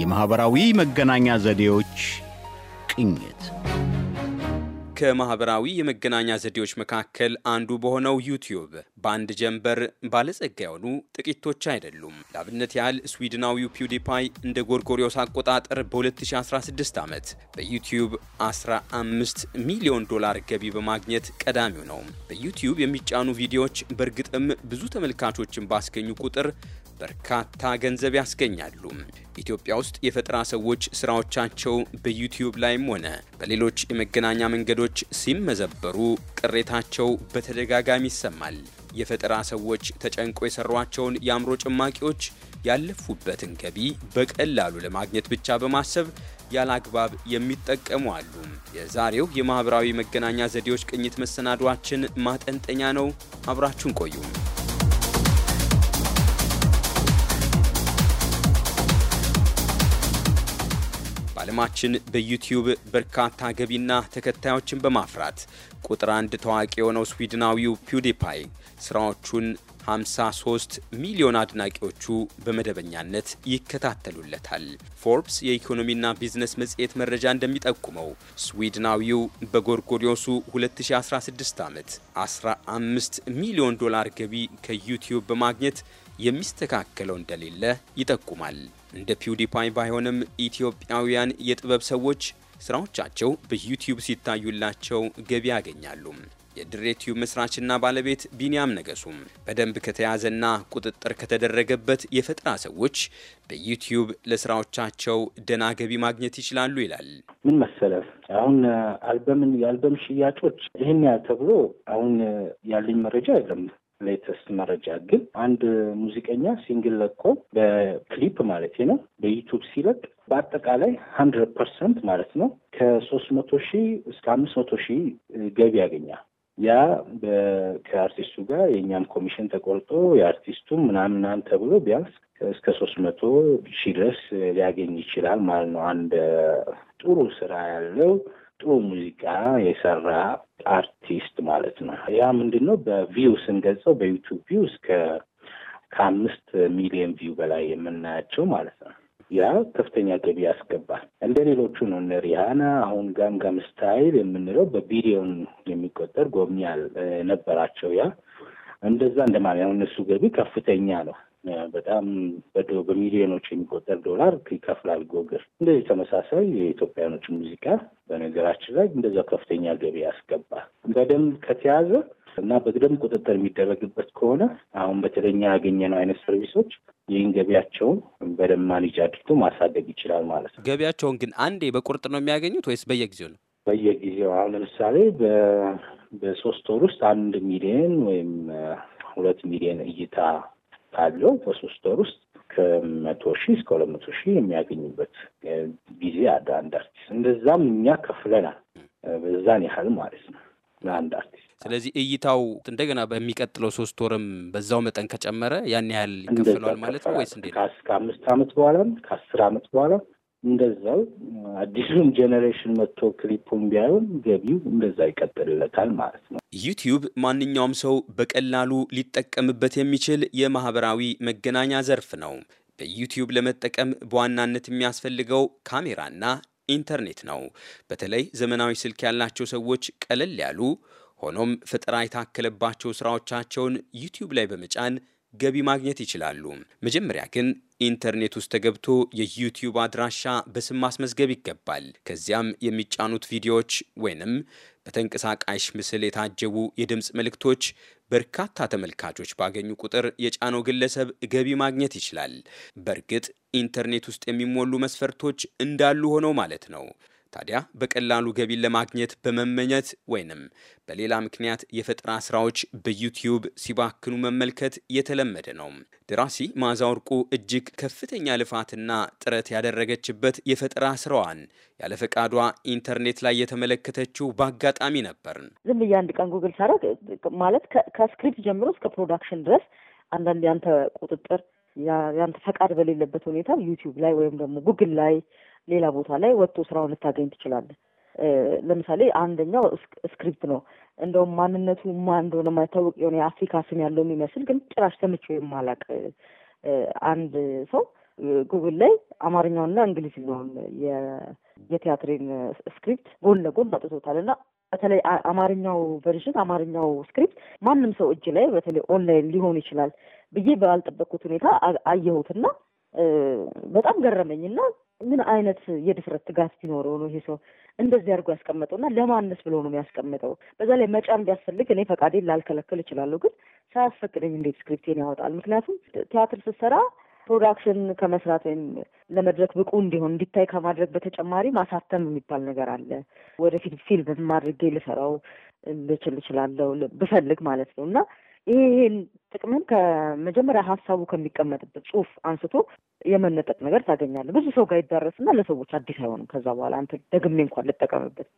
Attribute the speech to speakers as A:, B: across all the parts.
A: የማኅበራዊ መገናኛ ዘዴዎች ቅኝት
B: ከማኅበራዊ የመገናኛ ዘዴዎች መካከል አንዱ በሆነው ዩቲዩብ በአንድ ጀንበር ባለጸጋ የሆኑ ጥቂቶች አይደሉም። ለአብነት ያህል ስዊድናዊው ፒውዲፓይ እንደ ጎርጎሪዮስ አቆጣጠር በ2016 ዓመት በዩቲዩብ 15 ሚሊዮን ዶላር ገቢ በማግኘት ቀዳሚው ነው። በዩቲዩብ የሚጫኑ ቪዲዮዎች በእርግጥም ብዙ ተመልካቾችን ባስገኙ ቁጥር በርካታ ገንዘብ ያስገኛሉ። ኢትዮጵያ ውስጥ የፈጠራ ሰዎች ስራዎቻቸው በዩቲዩብ ላይም ሆነ በሌሎች የመገናኛ መንገዶች ሲመዘበሩ ቅሬታቸው በተደጋጋሚ ይሰማል። የፈጠራ ሰዎች ተጨንቆ የሰሯቸውን የአእምሮ ጭማቂዎች ያለፉበትን ገቢ በቀላሉ ለማግኘት ብቻ በማሰብ ያለ አግባብ የሚጠቀሙ አሉ። የዛሬው የማኅበራዊ መገናኛ ዘዴዎች ቅኝት መሰናዷችን ማጠንጠኛ ነው። አብራችሁን ቆዩም። በዓለማችን በዩቲዩብ በርካታ ገቢና ተከታዮችን በማፍራት ቁጥር አንድ ታዋቂ የሆነው ስዊድናዊው ፒውዲፓይ ስራዎቹን 53 ሚሊዮን አድናቂዎቹ በመደበኛነት ይከታተሉለታል። ፎርብስ የኢኮኖሚና ቢዝነስ መጽሔት መረጃ እንደሚጠቁመው ስዊድናዊው በጎርጎዲዮሱ 2016 ዓመት 15 ሚሊዮን ዶላር ገቢ ከዩቲዩብ በማግኘት የሚስተካከለው እንደሌለ ይጠቁማል። እንደ ፒውዲፓይ ባይሆንም ኢትዮጵያውያን የጥበብ ሰዎች ስራዎቻቸው በዩቲዩብ ሲታዩላቸው ገቢ ያገኛሉ። የድሬቲዩብ መስራችና ባለቤት ቢንያም ነገሱም በደንብ ከተያዘና ቁጥጥር ከተደረገበት የፈጠራ ሰዎች በዩቲዩብ ለስራዎቻቸው ደና ገቢ ማግኘት ይችላሉ ይላል። ምን መሰለህ አሁን
A: አልበምን የአልበም ሽያጮች ይህን ያህል ተብሎ አሁን ያለኝ መረጃ የለም። ሌተስት መረጃ ግን አንድ ሙዚቀኛ ሲንግል ለቆ በክሊፕ ማለት ነው በዩቱብ ሲለቅ በአጠቃላይ ሀንድረድ ፐርሰንት ማለት ነው ከሶስት መቶ ሺህ እስከ አምስት መቶ ሺህ ገቢ ያገኛል። ያ ከአርቲስቱ ጋር የእኛም ኮሚሽን ተቆርጦ የአርቲስቱ ምናምን ምናምን ተብሎ ቢያንስ እስከ ሶስት መቶ ሺ ድረስ ሊያገኝ ይችላል ማለት ነው። አንድ ጥሩ ስራ ያለው ጥሩ ሙዚቃ የሰራ አርቲስት ማለት ነው። ያ ምንድን ነው በቪው ስንገልጸው በዩቱብ ቪው እስከ ከአምስት ሚሊዮን ቪው በላይ የምናያቸው ማለት ነው። ያ ከፍተኛ ገቢ ያስገባል። እንደ ሌሎቹ ነው እነ ሪሃና አሁን ጋምጋም ስታይል የምንለው በቢሊዮን የሚቆጠር ጎብኛል ነበራቸው። ያ እንደዛ እንደማለት አሁን እነሱ ገቢ ከፍተኛ ነው። በጣም በሚሊዮኖች የሚቆጠር ዶላር ይከፍላል ጎግል። እንደዚህ ተመሳሳይ የኢትዮጵያኖች ሙዚቃ በነገራችን ላይ እንደዛ ከፍተኛ ገቢ ያስገባ በደንብ ከተያዘ እና በደንብ ቁጥጥር የሚደረግበት ከሆነ አሁን በተለኛ ያገኘነው አይነት ሰርቪሶች ይህን ገቢያቸውን በደንብ ማኔጅ አድርጎ ማሳደግ ይችላል ማለት
B: ነው። ገቢያቸውን ግን አንዴ በቁርጥ ነው የሚያገኙት ወይስ በየጊዜው ነው?
A: በየጊዜው አሁን ለምሳሌ በሶስት ወር ውስጥ አንድ ሚሊዮን ወይም ሁለት ሚሊዮን እይታ ካለው በሶስት ወር ውስጥ ከመቶ ሺህ እስከ ሁለት መቶ ሺህ የሚያገኙበት ጊዜ አለ አንድ አርቲስት። እንደዛም እኛ ከፍለናል በዛን ያህል ማለት ነው ለአንድ አርቲስት።
B: ስለዚህ እይታው እንደገና በሚቀጥለው ሶስት ወርም በዛው መጠን ከጨመረ ያን ያህል ይከፍለዋል ማለት ነው ወይስ እንዴት? ከአምስት አመት
A: በኋላም ከአስር አመት በኋላም እንደዛው አዲሱም ጄኔሬሽን መጥቶ ክሊፑን ቢያዩን ገቢው እንደዛ ይቀጥልለታል ማለት
B: ነው። ዩቲዩብ ማንኛውም ሰው በቀላሉ ሊጠቀምበት የሚችል የማህበራዊ መገናኛ ዘርፍ ነው። በዩቲዩብ ለመጠቀም በዋናነት የሚያስፈልገው ካሜራና ኢንተርኔት ነው። በተለይ ዘመናዊ ስልክ ያላቸው ሰዎች ቀለል ያሉ ሆኖም ፈጠራ የታከለባቸው ስራዎቻቸውን ዩቲዩብ ላይ በመጫን ገቢ ማግኘት ይችላሉ። መጀመሪያ ግን ኢንተርኔት ውስጥ ተገብቶ የዩቲዩብ አድራሻ በስም ማስመዝገብ ይገባል። ከዚያም የሚጫኑት ቪዲዮዎች ወይንም በተንቀሳቃሽ ምስል የታጀቡ የድምፅ መልእክቶች በርካታ ተመልካቾች ባገኙ ቁጥር የጫነው ግለሰብ ገቢ ማግኘት ይችላል። በእርግጥ ኢንተርኔት ውስጥ የሚሞሉ መስፈርቶች እንዳሉ ሆነው ማለት ነው። ታዲያ በቀላሉ ገቢን ለማግኘት በመመኘት ወይንም በሌላ ምክንያት የፈጠራ ስራዎች በዩቲዩብ ሲባክኑ መመልከት የተለመደ ነው። ደራሲ መዓዛ ወርቁ እጅግ ከፍተኛ ልፋትና ጥረት ያደረገችበት የፈጠራ ስራዋን ያለ ፈቃዷ ኢንተርኔት ላይ የተመለከተችው በአጋጣሚ ነበር።
C: ዝም ብዬ አንድ ቀን ጉግል ሳደርግ ማለት ከስክሪፕት ጀምሮ እስከ ፕሮዳክሽን ድረስ አንዳንድ ያንተ ቁጥጥር ያንተ ፈቃድ በሌለበት ሁኔታ ዩቲዩብ ላይ ወይም ደግሞ ጉግል ላይ ሌላ ቦታ ላይ ወጥቶ ስራውን ልታገኝ ትችላለህ። ለምሳሌ አንደኛው ስክሪፕት ነው። እንደውም ማንነቱ ማን እንደሆነ የማይታወቅ የሆነ የአፍሪካ ስም ያለው የሚመስል ግን ጭራሽ ሰምቼው የማላቅ አንድ ሰው ጉግል ላይ አማርኛውና እንግሊዝኛውን የቲያትሬን ስክሪፕት ጎን ለጎን አጥቶታል እና በተለይ አማርኛው ቨርዥን አማርኛው ስክሪፕት ማንም ሰው እጅ ላይ በተለይ ኦንላይን ሊሆን ይችላል ብዬ ባልጠበቅኩት ሁኔታ አየሁትና በጣም ገረመኝና ምን አይነት የድፍረት ትጋት ሲኖረው ነው ይሄ ሰው እንደዚህ አድርጎ ያስቀመጠውና ለማነስ ብሎ ነው የሚያስቀምጠው? በዛ ላይ መጫን ቢያስፈልግ እኔ ፈቃዴን ላልከለከል እችላለሁ፣ ግን ሳያስፈቅደኝ እንዴት ስክሪፕቴን ያወጣል? ምክንያቱም ቲያትር ስትሰራ ፕሮዳክሽን ከመስራት ወይም ለመድረክ ብቁ እንዲሆን እንዲታይ ከማድረግ በተጨማሪ ማሳተም የሚባል ነገር አለ። ወደፊት ፊልም ማድርጌ ልሰራው ልችል እችላለሁ ብፈልግ ማለት ነው እና ይሄን ጥቅምን ከመጀመሪያ ሀሳቡ ከሚቀመጥበት ጽሁፍ አንስቶ የመነጠቅ ነገር ታገኛለህ። ብዙ ሰው ጋር ይዳረስና ለሰዎች አዲስ አይሆንም። ከዛ በኋላ አንተ ደግሜ እንኳን ልጠቀምበት።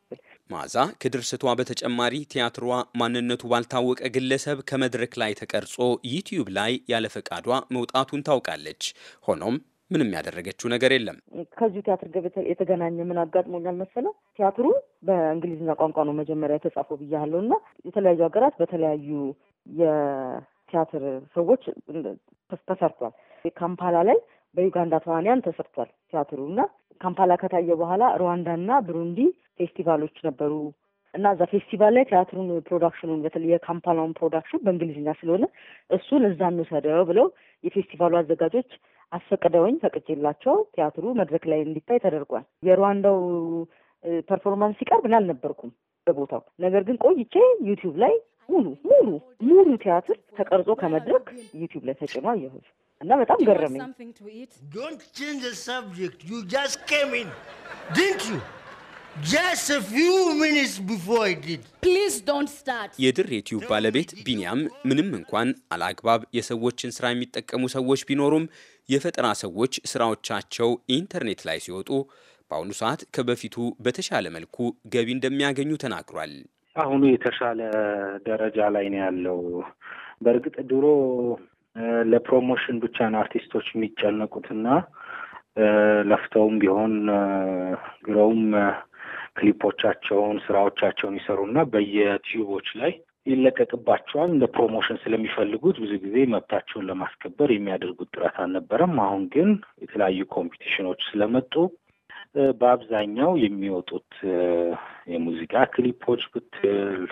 B: መዓዛ ከድርስቷ በተጨማሪ ቲያትሯ ማንነቱ ባልታወቀ ግለሰብ ከመድረክ ላይ ተቀርጾ ዩትዩብ ላይ ያለ ፈቃዷ መውጣቱን ታውቃለች። ሆኖም ምንም ያደረገችው ነገር የለም።
C: ከዚሁ ቲያትር ጋር የተገናኘ ምን አጋጥሞኛል መሰለው፣ ቲያትሩ በእንግሊዝኛ ቋንቋ ነው መጀመሪያ የተጻፈው ብያለሁ እና የተለያዩ ሀገራት በተለያዩ የቲያትር ሰዎች ተሰርቷል። ካምፓላ ላይ በዩጋንዳ ተዋንያን ተሰርቷል ቲያትሩ እና ካምፓላ ከታየ በኋላ ሩዋንዳና ብሩንዲ ፌስቲቫሎች ነበሩ እና እዛ ፌስቲቫል ላይ ቲያትሩን ፕሮዳክሽኑን በተለይ የካምፓላውን ፕሮዳክሽን በእንግሊዝኛ ስለሆነ እሱን እዛ እንውሰደው ብለው የፌስቲቫሉ አዘጋጆች አስፈቅደውኝ ፈቅጄላቸው ቲያትሩ መድረክ ላይ እንዲታይ ተደርጓል። የሩዋንዳው ፐርፎርማንስ ሲቀርብ እኔ አልነበርኩም በቦታው። ነገር ግን ቆይቼ ዩቲዩብ ላይ ሙሉ ሙሉ ሙሉ ቲያትር ተቀርጾ ከመድረክ ዩቲዩብ ላይ ተጭኖ አየሁት እና በጣም ገረመኝ።
A: Just a few minutes before I did. Please don't start.
B: የድር ባለቤት ቢኒያም ምንም እንኳን አላግባብ የሰዎችን ስራ የሚጠቀሙ ሰዎች ቢኖሩም የፈጠራ ሰዎች ስራዎቻቸው ኢንተርኔት ላይ ሲወጡ በአሁኑ ሰዓት ከበፊቱ በተሻለ መልኩ ገቢ እንደሚያገኙ ተናግሯል።
A: አሁኑ የተሻለ ደረጃ ላይ ነው ያለው። በእርግጥ ድሮ ለፕሮሞሽን ብቻ ነው አርቲስቶች የሚጨነቁትና ለፍተውም ቢሆን ግረውም ክሊፖቻቸውን፣ ስራዎቻቸውን ይሰሩና በየቲዩቦች ላይ ይለቀቅባቸዋል። እንደ ፕሮሞሽን ስለሚፈልጉት ብዙ ጊዜ መብታቸውን ለማስከበር የሚያደርጉት ጥረት አልነበረም። አሁን ግን የተለያዩ ኮምፒቲሽኖች ስለመጡ በአብዛኛው የሚወጡት የሙዚቃ ክሊፖች ብትል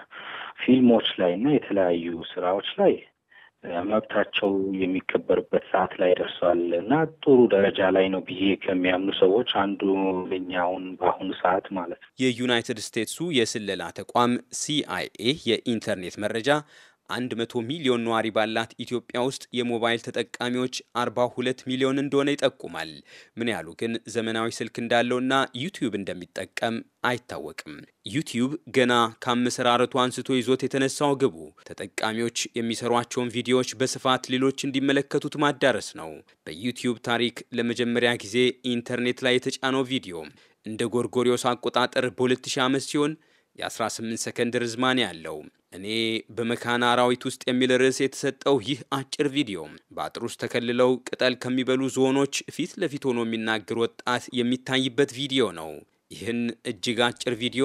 A: ፊልሞች ላይ እና የተለያዩ ስራዎች ላይ መብታቸው የሚከበርበት ሰዓት ላይ ደርሰዋል እና ጥሩ ደረጃ ላይ ነው ብዬ ከሚያምኑ ሰዎች አንዱ ለኛውን በአሁኑ ሰዓት ማለት
B: ነው። የዩናይትድ ስቴትሱ የስለላ ተቋም ሲአይኤ የኢንተርኔት መረጃ 100 ሚሊዮን ነዋሪ ባላት ኢትዮጵያ ውስጥ የሞባይል ተጠቃሚዎች 42 ሚሊዮን እንደሆነ ይጠቁማል። ምን ያህሉ ግን ዘመናዊ ስልክ እንዳለውና ዩቲዩብ እንደሚጠቀም አይታወቅም። ዩቲዩብ ገና ከአመሰራረቱ አንስቶ ይዞት የተነሳው ግቡ ተጠቃሚዎች የሚሰሯቸውን ቪዲዮዎች በስፋት ሌሎች እንዲመለከቱት ማዳረስ ነው። በዩቲዩብ ታሪክ ለመጀመሪያ ጊዜ ኢንተርኔት ላይ የተጫነው ቪዲዮ እንደ ጎርጎሪዮስ አቆጣጠር በ2005 ሲሆን የ18 ሰከንድ ርዝማኔ አለው። እኔ በመካነ አራዊት ውስጥ የሚል ርዕስ የተሰጠው ይህ አጭር ቪዲዮ በአጥር ውስጥ ተከልለው ቅጠል ከሚበሉ ዝሆኖች ፊት ለፊት ሆኖ የሚናገር ወጣት የሚታይበት ቪዲዮ ነው። ይህን እጅግ አጭር ቪዲዮ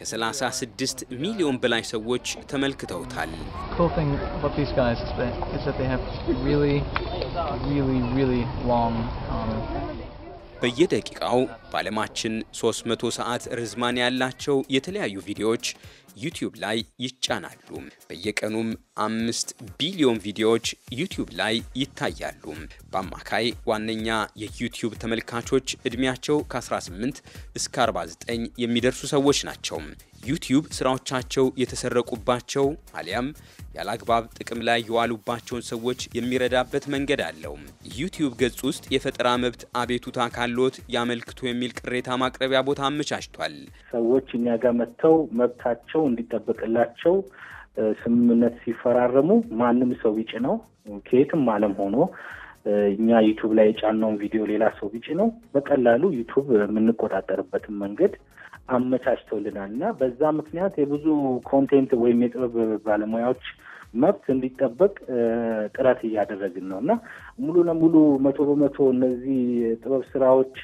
B: ከ36 ሚሊዮን በላይ ሰዎች ተመልክተውታል። በየደቂቃው በዓለማችን 300 ሰዓት ርዝማን ያላቸው የተለያዩ ቪዲዮዎች ዩቲዩብ ላይ ይጫናሉ። በየቀኑም አምስት ቢሊዮን ቪዲዮዎች ዩቲዩብ ላይ ይታያሉ። በአማካይ ዋነኛ የዩቲዩብ ተመልካቾች ዕድሜያቸው ከ18 እስከ 49 የሚደርሱ ሰዎች ናቸው። ዩቲዩብ ስራዎቻቸው የተሰረቁባቸው አሊያም ያለአግባብ ጥቅም ላይ የዋሉባቸውን ሰዎች የሚረዳበት መንገድ አለው። ዩቲዩብ ገጽ ውስጥ የፈጠራ መብት አቤቱታ ካሎት ያመልክቱ የሚ የሚል ቅሬታ ማቅረቢያ ቦታ አመቻችቷል።
A: ሰዎች እኛ ጋር መጥተው መብታቸው እንዲጠበቅላቸው ስምምነት ሲፈራረሙ ማንም ሰው ቢጭ ነው ከየትም ዓለም ሆኖ እኛ ዩቱብ ላይ የጫነውን ቪዲዮ ሌላ ሰው ቢጭ ነው በቀላሉ ዩቱብ የምንቆጣጠርበትን መንገድ አመቻችተውልናል እና በዛ ምክንያት የብዙ ኮንቴንት ወይም የጥበብ ባለሙያዎች መብት እንዲጠበቅ ጥረት እያደረግን ነው እና ሙሉ ለሙሉ መቶ በመቶ እነዚህ ጥበብ ስራዎች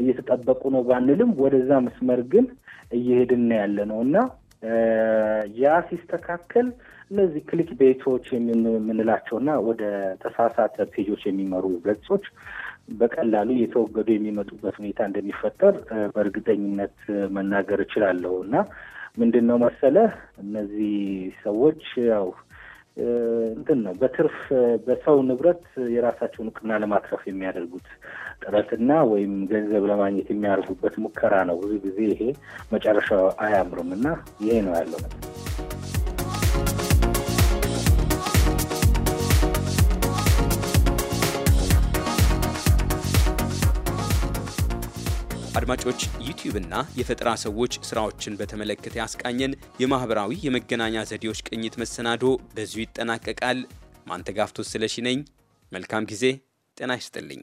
A: እየተጠበቁ ነው ባንልም ወደዛ መስመር ግን እየሄድን ያለ ነው እና ያ ሲስተካከል እነዚህ ክሊክ ቤቶች የምንላቸውና ወደ ተሳሳተ ፔጆች የሚመሩ ገጾች በቀላሉ እየተወገዱ የሚመጡበት ሁኔታ እንደሚፈጠር በእርግጠኝነት መናገር እችላለሁ እና ምንድን ነው መሰለህ እነዚህ ሰዎች ያው እንትን ነው በትርፍ በሰው ንብረት የራሳቸውን እውቅና ለማትረፍ የሚያደርጉት ጥረትና ወይም ገንዘብ ለማግኘት የሚያደርጉበት ሙከራ ነው። ብዙ ጊዜ ይሄ መጨረሻው አያምርም እና ይሄ ነው ያለው።
B: አድማጮች ዩቲዩብና የፈጠራ ሰዎች ስራዎችን በተመለከተ ያስቃኘን የማህበራዊ የመገናኛ ዘዴዎች ቅኝት መሰናዶ በዚሁ ይጠናቀቃል። ማንተጋፍቶ ስለሺ ነኝ። መልካም ጊዜ። ጤና ይስጥልኝ።